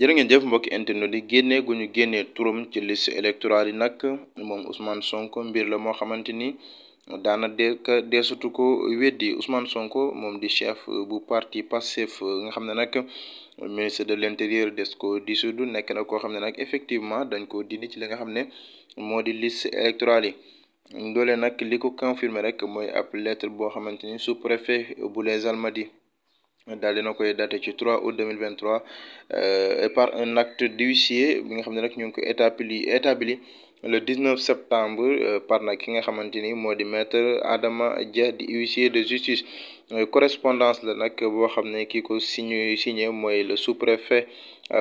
jërë ngeen jëf mbokki internet yi génnee gu ñu génnee turam ci liste électorale yi nag moom Ousmane Sonko mbir la moo xamante ni daana deka deesatu ko weddi Ousmane Sonko moom di chef bu parti Pastef nga xam ne nag ministre de l'intérieur des ko disudu nekk na koo xam ne nag effectivement dañ ko dindi ci li nga xam ne moo di liste électorale yi doole nag li ko confirmer rek mooy ab lettre boo xamante ni sous-préfet bu les Almadies d'aller dina koy 3 août 2023 euh, et par un acte d'huissier bi nga xamné établi établi le 19 septembre euh, par nak ki nga xamanteni modi maître Adama Dia di huissier de justice euh, correspondance la nak bo xamné signe signé signé le sous-préfet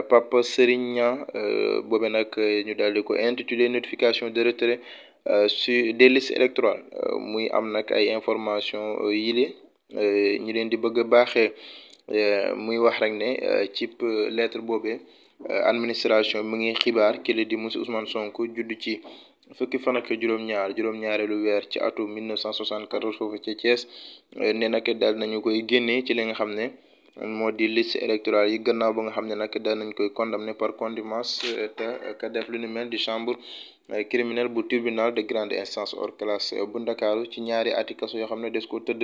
Papa serignan Niang boobee ñu ko intitulé notification de retrait sur des listes électorales muy am nak ay information ñi leen di bëgg Euh, muy wax rek ne euh, ci lettre boobee euh, administration mu ngi xibaar kii la di monsieur Ousmane sonk judd ci fukki fan ak juróom-ñaar juróom-ñaareelu weer ci atum 1974 foofu ci Thiès ne nag daal nañu koy génnee ci li nga xam ne moo di liste électorale yi gannaaw ba nga xam ne nag daal nañ koy condamné par contumace te ka def lu ni mel di chambre criminelle bu tribunal de grande instance hors classe bu Ndakaaru ci ñaari ati yoo xam ne des ko tëdd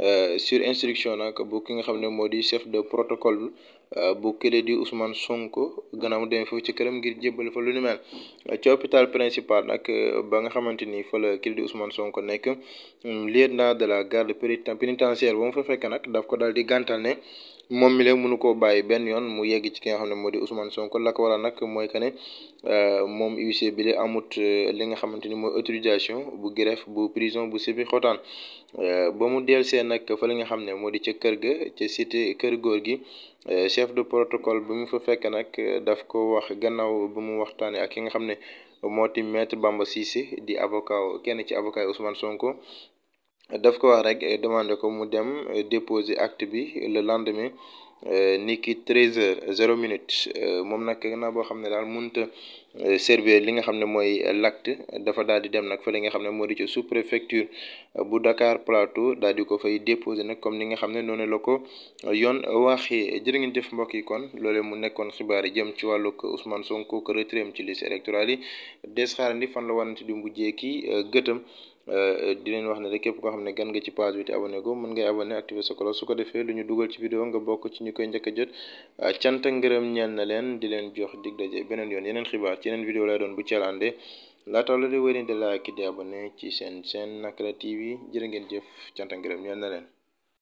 Euh, sur instruction nak bu ki nga xam modi chef de protocole euh, bu kële di Ousmane Sonko gannaaw mu demee foofu ci këram ngir jébbal fa lu ni mel ci hôpital principal nak euh, ba nga xamanteni fa la kële di Ousmane Sonko nek mm, lieutenant de la garde pénitentiaire bu mu fa fekk nak daf ko daldi gantal né mom mi lé mënu ko bàyyi benn yoon mu yegg ci ki nga xam modi Ousmane Sonko la ko waral nag mooy que mom moom UC bi lé amut li nga xamanteni moy autorisation bu greffe bu prison bu sibi xotaan ba mu dellusee wootee fa la nga xam ne moo di ca kër ga ca siti kër góor gi eh, chef de protocole bi mu fa fekk nag daf ko wax gannaaw ba mu waxtaanee ak ki nga xam ne moo ti maître Bamba Cissé di avocat kenn ci avocat Ousmane Sonko def ko wax rek eh, demandé ko mu dem eh, déposer acte bi le lendemain eh, ni ki treize heures zéro minute moom nag gannaaw boo xam ne daal mënta servir li nga xam ne mooy l'acte dafa daal di dem nag fële nga xam ne moo di ci sous préfecture bu Dakar Plateau daal di ko fay déposer nag comme ni nga xam ne noonu la ko yoon waxee jërë ngeen jëf mbokk yi kon loole mu nekkoon xibaar yi jëm ci wàllug usman Sonko ko retirem ci liste électorale yi des xaarandi fan la warante di mujjee kii gëtam Euh, di leen wax ne rek képp koo xam ne gan ga ci page bi te abonné ko mën ngay abonné activer sa cloche su ko defee lu ñu dugal ci vidéo nga bokk ci ñu koy njëkk jot euh, cant ak ngërëm ñeel na leen di leen jox dig daje beneen yoon yeneen xibaar ci yeneen vidéo lay doon bu ceel àndee laata la di wéy di like di abonné ci seen seen Nakra TV jërë ngeen jëf cant ak ngërëm ñeel na leen.